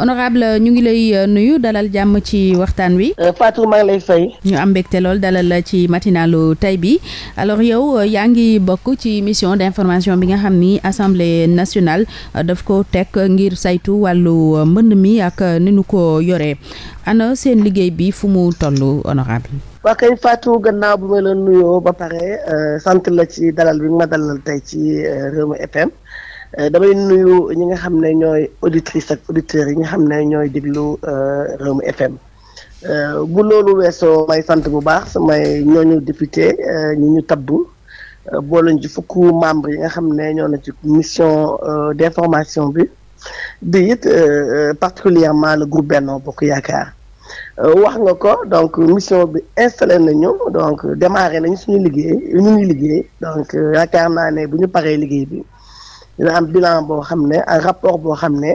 honorable ñu ngi lay euh, nuyu dalal jàmm ci waxtaan wi. Euh, Fatou mag ngi lay fay. ñu am mbégte lool dalal ci matinalu tey bi alors yow euh, yaa ngi bokk ci mission d'information bi nga xam ni assemblée nationale daf ko teg ngir saytu wàllu mbënn mi ak ni nu ko yoree ana seen liggéey bi fu mu toll honorable waa kay Fatou gannaaw bu ma la nuyoo ba pare sant la ci dalal bi ma dalal tey ci Rewmi FM. Euh, damay nuyu ñi nga xam ne ñooy auditrices ak auditeurs yi nga xam ne ñooy déglu euh, Rewmi FM euh, bu loolu weesoo may sant bu baax samay ñooñu député ñi ñu tabbu booluñ ci fukk membre yi nga xam ne ñoo na ci mission information bi bi it particulièrement le groupe Benno Bokk Yaakaar wax nga ko donc mission bi installé nañu donc démarré nañu suñu liggéey ñu ngi liggéey donc yaakaar naa ne bu ñu paree liggéey bi dina am bilan boo xam ne ak rapport boo xam ne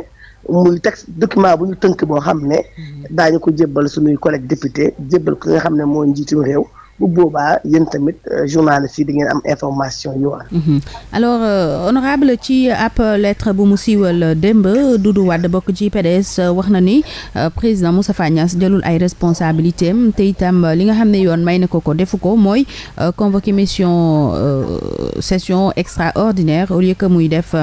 muy texte document bu ñu tënk boo xam ne mm-hmm. daañu ko jëbal suñuy collègue député jëbal ko nga xam ne moo njiitum réew bu boobaa yéen tamit euh, journaliste yi di ngeen am information yu war. Mhm. Euh, honorable ci ab lettre bu mu siiwal démb Doudou Wade bokk ci PDS euh, wax na ni président Moustapha Niasse jëlul ay responsabilités am te itam li nga xam ne yoon may na ko ko defu ko mooy convoqué mission session extraordinaire au lieu que muy def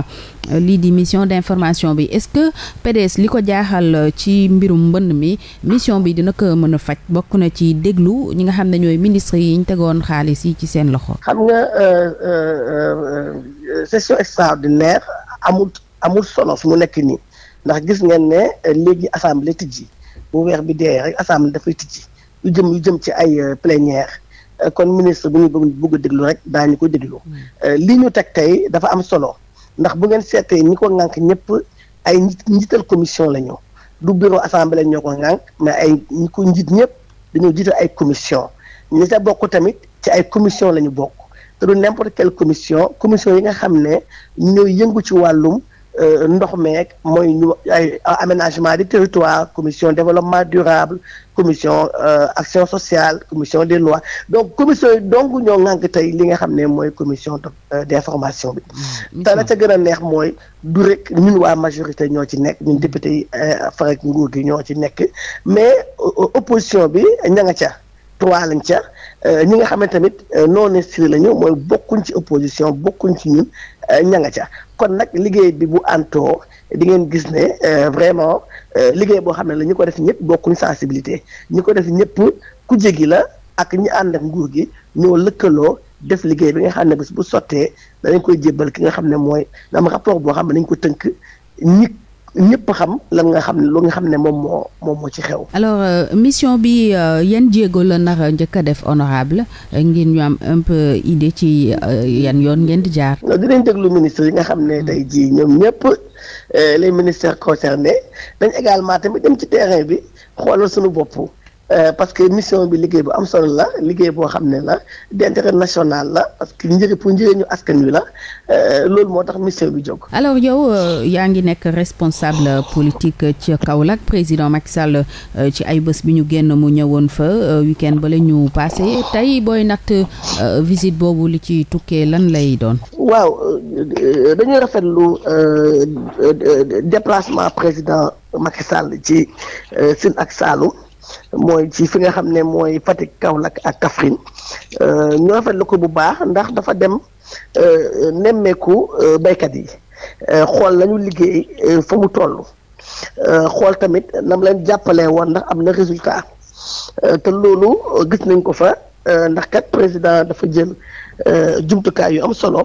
lii di mission d'information bi est-ce que PDS li ko jaaxal ci mbirum mbënn mi mission bi dina ko mën faj bokk na ci déglu ñi nga xam ne ñooy ministre yi ñu tegoon xaalis yi ci seen loxo. xam nga euh, euh, euh, session extraordinaire amul amul solo fu mu nekk nii ndax gis ngeen ne léegi assemblée tijji bu weer bi dee rek assemblée dafay tijji yu jëm yu jëm ci ay plénière kon ministre bu ñu bëgg a déglu rek daañu ko déglu mm. li ñu teg tey dafa am solo ndax bu ngeen seetee ñi ko ŋànk ñëpp ay njiital commission la ñu du bureau assemblée ñoo ko ŋànk mais ay ñi ko njiit ñëpp dañoo jiital ay commission ñi ca bokk tamit ci ay commission la ñu bokk te du n'importe quelle commission commission yi nga xam ne ñooy yëngu ci wàllum euh, ndox meeg mooy ñu ay aménagement de territoire commission développement durable commission euh, action sociale commission des lois donc commission yi dong ñoo ŋànk tey li nga xam ne mooy commission euh, d'information bi te la ca gën a neex mooy du rek ñun waa majorité ñoo ci nekk ñun député yi farek nguur gi ñoo ci nekk mais opposition bi ña nga ca trois lañ ca euh, ñi nga xamante tamit euh, non inscrits lañu mooy bokkuñ ci opposition bokkuñ ci ñun euh, ña nga ca kon nag liggéey bi bu antoo di ngeen gis ne vraiment liggéey boo xam ne lañu ko def ñëpp bokkuñ sensibilité ñi ko def ñëpp ku jégi la ak ñu ànd ak nguur gi ñoo lëkkaloo def liggéey bi nga xam ne bis bu sottee danañ koy jébbal ki nga xam ne mooy dama rapport boo xam ne dañ ko tënk ñëpp xam lan nga xam lu nga xam ne moom moo moom moo ci xew. alors euh, mission bi euh, yan jéego la nar njëkk a def honorable euh, ngir ñu am un peu idée ci euh, yan yoon ngeen di jaar. dinañ déglu ministre yi nga xam ne tey jii ñoom ñëpp les ministère concernés dañ également tamit dem ci terrain bi xoolal suñu bopp. Euh, parce que mission bi liggéey bu am solo la liggéey boo xam ne la d'intérêt national la parce que njëriñ pour njëriñu askan wi la euh, loolu moo tax mission bi jóg. alors yow euh, yaa ngi nekk responsable politique ci Kaolack président Macky Sall ci ay bés bi ñu génn mu ñëwoon fa week-end ba la ñu passé tey booy natt visite boobu li ci tukkee lan lay doon. waaw dañuy rafetlu déplacement président Macky Sall ci Sine ak Saloum. mooy ci fi nga xam ne mooy kaw Kaolack ak Kaffrine euh, ñu rafetlu ko bu baax ndax dafa dem euh, nemmeeku euh, baykat yi xool lañu liggéey fa mu toll xool tamit nam leen jàppale woon ndax am na résultat te loolu gis nañ ko fa ndax kat président dafa jël jumtukaay yu am solo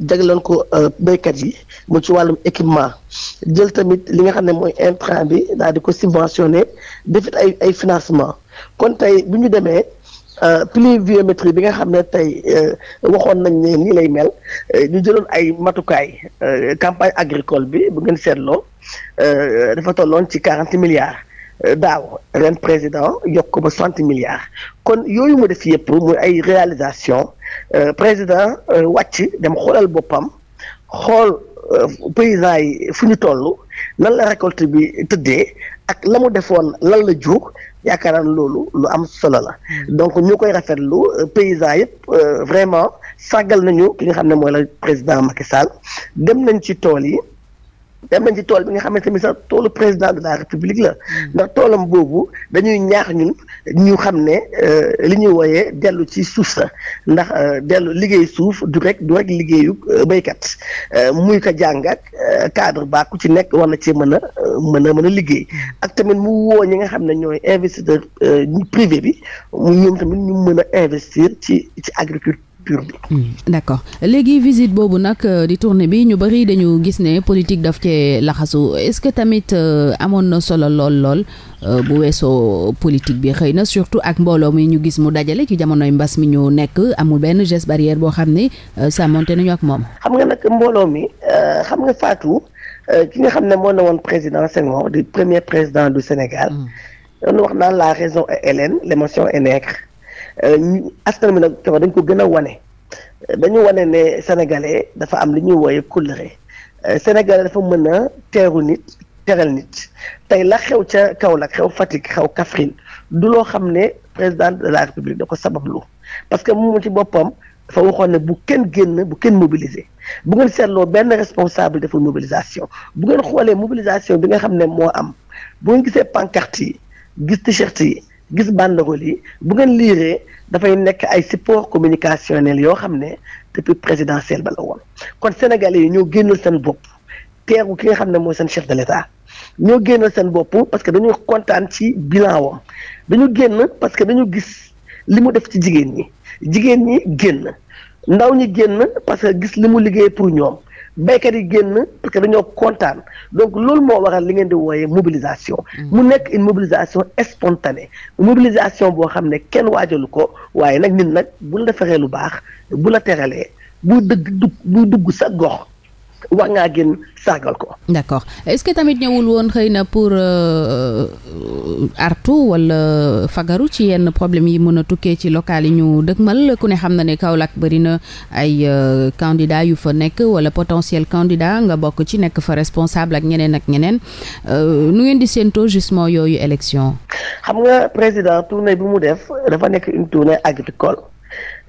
jagloon ko euh, béykat yi mu ci wàllum équipement jël tamit li nga xam ne mooy intrant bi daal di ko subventionné defit ay ay financement kon tey bu ñu demee euh, pluviométrie bi nga xam ne tey euh, waxoon nañ ne nii lay mel ñu jëloon ay matukaay campagne agricole bi bu ngeen seetloo dafa tolloon ci quarante milliards daaw ren président yokk ko ba cent milliards kon yooyu mu def yëpp muy ay réalisation euh, président euh, wàcc dem xoolal boppam xool euh, paysans yi fu ñu toll nan la récolte bi tëddee ak la mu defoon lan la juug yaakaar naa loolu lu am solo la mm. donc ñu koy rafetlu paysans yëpp vraiment sàggal nañu ki nga xam ne mooy la président Macky Sall dem nañ ci tool yi. dem nañ ci tool bi nga xamante ni sax toolu président de la république la hmm. ndax toolam boobu dañuy ñaax ñun ñu xam ne euh, li ñuy wooyee dellu ci suuf sa ndax euh, dellu liggéey suuf du rek du rek liggéeyu euh, béykat muy ko jàng ak cadre ba ku ci nekk war na ci mën a mën a mën a liggéey hmm. ak tamit mu woo ñi nga xam ne ñooy investisseur privé bi mu ñoom tamit ñu mën a investir ci ci agriculture culture d' accord léegi visite boobu nag euh, di tournée bi ñu bëri dañu gis ne politique daf cee laxasu est ce que tamit euh, amoon na solo lool lool euh, bu weesoo politique bi xëy na surtout ak mbooloo mi ñu gis mu dajale ci jamonoy mbas mi ñu nekk amul benn geste barrière boo xam ni ne sàmmonte nañu ak moom. xam nga nag mbooloo mi xam nga Fatou ki nga xam ne moo ne woon président Senghor di premier président du Sénégal. loolu mm. wax naan la raison est hellène l' émotion est nègre. Euh, askan bi nag dafa dañ ko gën a wane euh, dañu wane ne sénégalais dafa am li ñuy wooye kóllëre euh, sénégalais dafa mën a teeru nit teral nit tey la xew ca kaw Kaolack xew Fatick xew Kaffrine du loo xam ne président de la république da ko sabablu parce que moom ci boppam dafa waxoon ne bu kenn génn bu kenn mobiliser bu ngeen seetloo benn responsable deful mobilisation bu ngeen xoolee mobilisation bi nga xam ne moo am bu ngeen gisee pancarte yi gis t-shirt yi gis bàndagool yi bu ngeen liiree dafay nekk ay support communicationnel yoo xam ne depuis présidentiel ba la woon kon sénégalais yi ñoo génnul seen bopp teeru ki nga xam ne mooy seen chef de l'état ñoo génnal seen bopp parce que dañu kontaan ci bilan wam dañu génn parce que dañu gis li mu def ci jigéen ñi jigéen ñi génn ndaw ñi génn parce que gis li mu liggéey pour ñoom béykat yi génn parce que dañoo kontaan donc loolu moo waral li ngeen di wooyee mobilisation. Mm. mu nekk une mobilisation spontanée mobilisation boo xam ne kenn waajalu ko waaye nag nit nag bu la defaree lu baax bu la teralee bu dëgg dugg bu dugg sa gox. war ngaa génn sargal ko. d'accord est-ce que tamit ñëwul woon xëy na pour euh, euh, artu wala fagaru ci yenn problème yi mën a tukkee ci local yi ñu dëkkmal ku ne xam na ne Kaolack bëri na ay euh, candidat yu fa nekk wala potentiel candidat nga bokk ci nekk fa responsable ak ñeneen ak ñeneen euh, nu ngeen di séentoo justement yooyu élection. xam nga président tournée bi mu def dafa nekk une tournée agricole.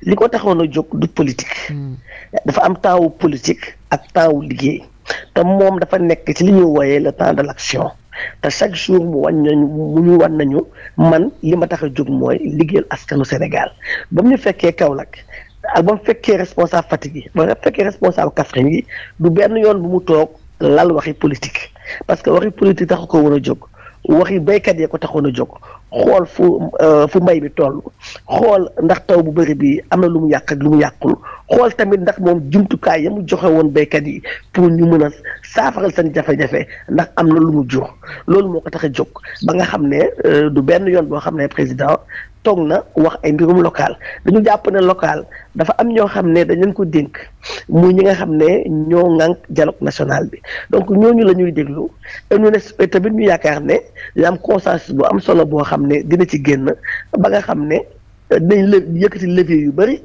li ko taxoon a jóg du politique. Hmm. dafa am taawu politique ak taawu liggéey te moom dafa nekk ci li ñuy wooyee la temps de l'action te chaque jour mu wan nañu mu ñu wan nañu man li ma tax a jóg mooy liggéeyal askanu Sénégal ba mu ñu fekkee Kaolack ak ba mu fekkee responsable Fatick yi ba mu fekkee responsable Kaffrine yi du benn yoon bu mu toog lal waxi politique parce que waxi politique taxu ko war a jóg waxi baykat yee ko taxoon a jóg xool fu euh, fu mbay bi toll xool ndax taw bu bëri bii am na lu mu yàq lu mu yàqul xool tamit ndax moom jumtukaay ya mu joxe woon béykat yi pour ñu mën a saafaral seen jafe-jafe ndax am na lu mu jur loolu moo ko tax a jóg ba nga xam ne euh, du benn yoon boo xam ne président toog na wax ay mbirum local dañu jàpp ne local dafa am ñoo xam ne dañ leen ko dénk mu ñi nga xam ne ñoo ŋànk dialogue national bi donc ñooñu la ñuy déglu ñu tamit ñu yaakaar ne am consensus bu am solo boo xam xam ne dina ci génn ba nga xam ne euh, dañ la yëkkati levier yu bëri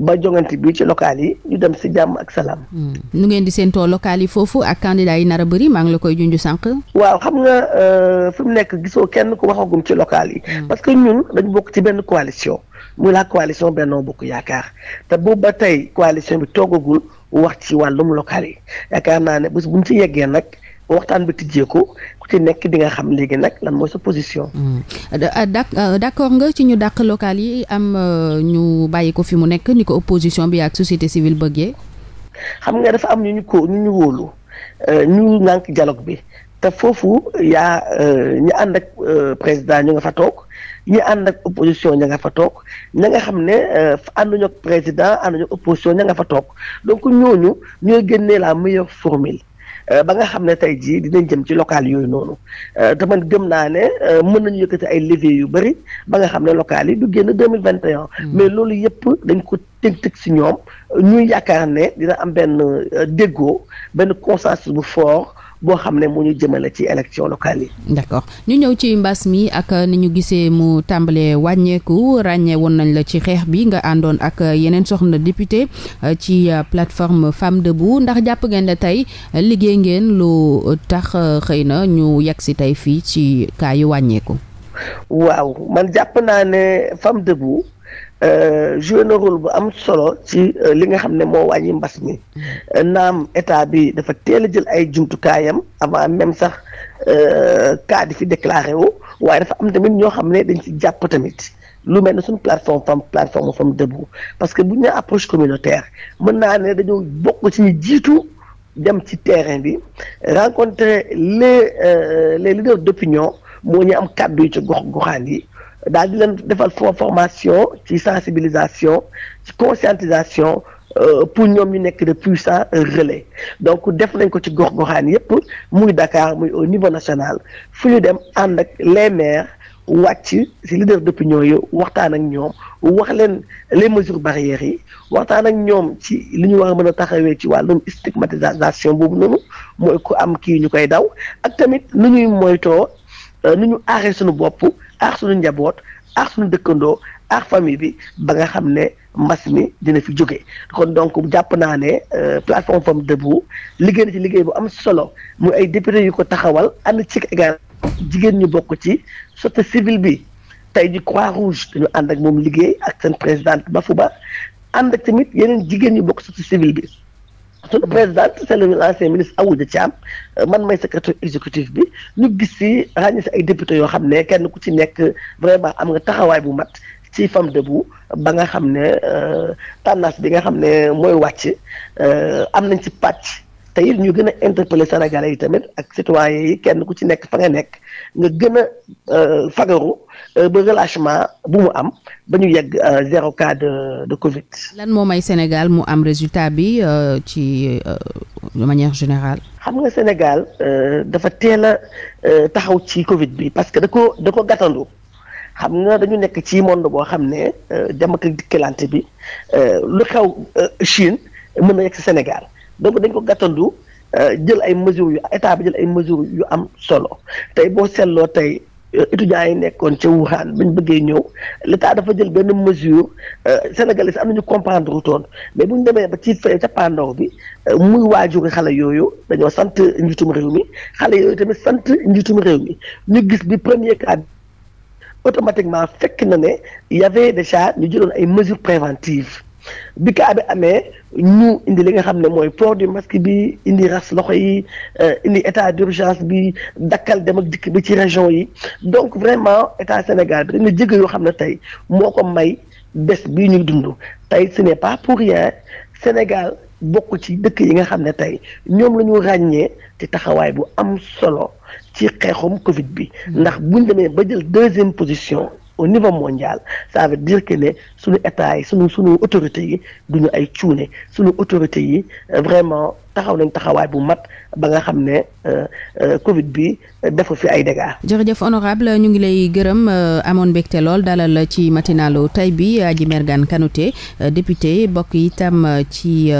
ba jongante bi ci local yi ñu dem si jàmm ak salaam. Hmm. nu ngeen di séentoo local yi foofu ak candidat yi nar a bëri maa ngi la koy junj sànq. waaw xam nga euh, fi mu nekk gisoo kenn ku waxagum ci local yi. Hmm. parce que ñun dañu bokk ci benn coalition. muy la coalition Benno Bokk Yaakaar te boobu ba tey coalition bi toogagul wax ci wàllum local yi yaakaar naa ne bés bu ñu ci yeggee nag waxtaan bi tijjee ko ki nekk di nga xam léegi nag lan mooy sa position. Mm. Ah, ah, d'accord nga ci ñu dàq local yi am euh, ñu bàyyi ko fi mu nekk ni ko opposition bi ak société civile bëggee. xam nga dafa am ñu ñu ko ñu ñu wóolu euh, ñu nànk dialogue bi te foofu yaa euh, ñu ànd ak président ñu nga fa toog ñu ànd ak opposition ña nga fa toog ña nga xam ne ànduñu ak président ànduñu ak opposition ña nga fa toog donc ñooñu ñooy génnee la meilleure formule. Euh, ba nga xam ne tey jii dinañ jëm ci local yooyu noonu euh, te man gëm naa ne euh, mën nañu yëkkati ay levier yu bëri ba nga xam ne local yi du génn deux mille vingt et un hmm. mais loolu yëpp dañ ko tëg-tëg si ñoom ñuy yaakaar ne dina am benn déggo benn consensus bu fort boo xam ne mu ñu jëmale ci élection locale yi. d'accord ñu ñëw ci mbas mi ak ni ñu gisee mu tàmbalee wàññeeku ràññee woon nañ la ci xeex bi nga àndoon ak yeneen soxna député euh, ci euh, plateforme Femme bu ndax jàpp ngeen ne tey euh, liggéey ngeen lu tax xëy na ñu yegg si tey fii ci kaa yu wàññeeku. waaw man jàpp naa ne Femme Debout. Euh, joué na rôle bu am solo ci euh, li nga xam ne moo waañi mbas mi euh, naam état bi dafa teel a jël ay jumtukaayam avant même sax cas di fi déclaré wu waaye dafa am tamit ñoo xam ne dañ ci jàpp tamit lu mel ne suñu plateforme femme plateforme femme debout parce que bu ñu approche communautaire mën naa ne dañoo bokk ci ñu jiitu dem ci terrain bi rencontrer les les leaders d'opinion moo ñu am kàddu yi ci gox goxaan yi. daal di leen defal formation ci sensibilisation ci conscientisation euh, pour ñoom ñu nekk de plus puissants relais donc def nañ ko ci gox-goxaan yépp muy dakaar muy au niveau national fu ñu dem ànd ak les maires wàcc ci leader d'opinion yi waxtaan ak ñoom wax leen les mesures barrières yi waxtaan ak ñoom ci li ñu wax a mën a taxawee ci wàllum stigmatisation boobu noonu mooy ku am kii ñu koy daw ak tamit nu ñuy moytoo euh, nu ñu aaree suñu bopp. aar suñu njaboot aar suñu dëkkandoo aar famille bi ba nga xam ne mbas mi dina fi jóge kon donc jàpp naa ne euh, plateforme Femme Debout liggéey na ci liggéey bu am solo muy ay député yu ko taxawal ànd ci égal jigéen ñu bokk ci société civile bi tey ji croix rouge dañu ànd ak moom liggéey ak seen présidente ba ànd ak tamit yeneen jigéen ñu bokk société civile bi suñu présidente c'est le ancien ministre ci am euh, man may secrétaire exécutif bi ñu gis si ràññi ay député yoo xam ne kenn ku ci nekk vraiment am nga taxawaay bu mat ci femme debout ba nga xam ne euh, tendance bi nga xam ne mooy wàcc euh, am nañ ci pàcc. te it ñu gën a interpeller sénégalais yi tamit ak citoyens yi kenn ku ci nekk fa nga nekk nga gën a euh, fagaru euh, ba relâchement bu mu am ba ñu yegg euh, zéro cas de de Covid. lan moo may Sénégal mu am résultat bi ci de manière générale. xam nga Sénégal dafa teel a taxaw ci Covid bi parce que da ko da ko gàttandu. xam nga dañu nekk ci monde boo xam ne dem ak dikkalante bi lu xew Chine mën na yegg si Sénégal donc dañ ko gàttandu euh, jël ay mesures yu état bi jël ay mesures yu am solo tey boo seetloo tey euh, étudiants yi nekkoon ca Wuhan bañ bëggee ñëw l' dafa jël benn mesure euh, sénégalais am nañu comprendre wutoon mais bu ñu demee ba ci ca pandaw bi muy waajuri xale yooyu dañoo sant njiitum réew mi xale yooyu tamit sant njiitum réew mi ñu gis bi premier cas automatiquement fekk na ne y avait déjà ñu jëloon ay mesures préventives bi kaa bi amee ñu indi li nga xam ne mooy pour du masque bi indi ras loxo yi euh, indi état d'urgence bi dakkal dem ak dikk bi ci région yi donc vraiment état Sénégal bi dina jëge yoo xam ne tey moo ko may bés bii ñu dundu tey ce n'est pas pour rien Sénégal bokk ci dëkk yi nga xam ne tey ñoom la ñu ràññee ci taxawaay bu am solo ci xeexum Covid bi hmm. ndax buñ demee ba jël deuxième position au niveau mondial ça veut dire que ne suñu état yi suñu suñu autorités yi duñu ay cuune suñu autorités yi euh, vraiment taxaw nañ taxawaay bu mat ba nga xam ne euh, euh, Covid bi defu fi ay dégâts. jërëjëf honorable ñu ngi lay gërëm euh, amoon mbégte lool dalal ci matinalu tay bi Adji Mergane Kanouté député bokk itam ci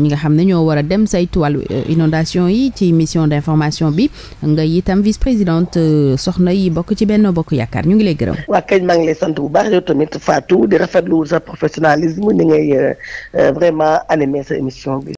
ñi nga xam ne ñoo war a dem saytu wàllu inondation yi ci mission d'information bi nga itam vice-présidente soxna yi bokk ci Benno Bokk Yaakaar ñu ngi lay gërëm. waa kañ maa ngi lay sant bu baax yow tamit Fatou di rafetlu sa professionnalisme ni ngay vraiment animer sa émission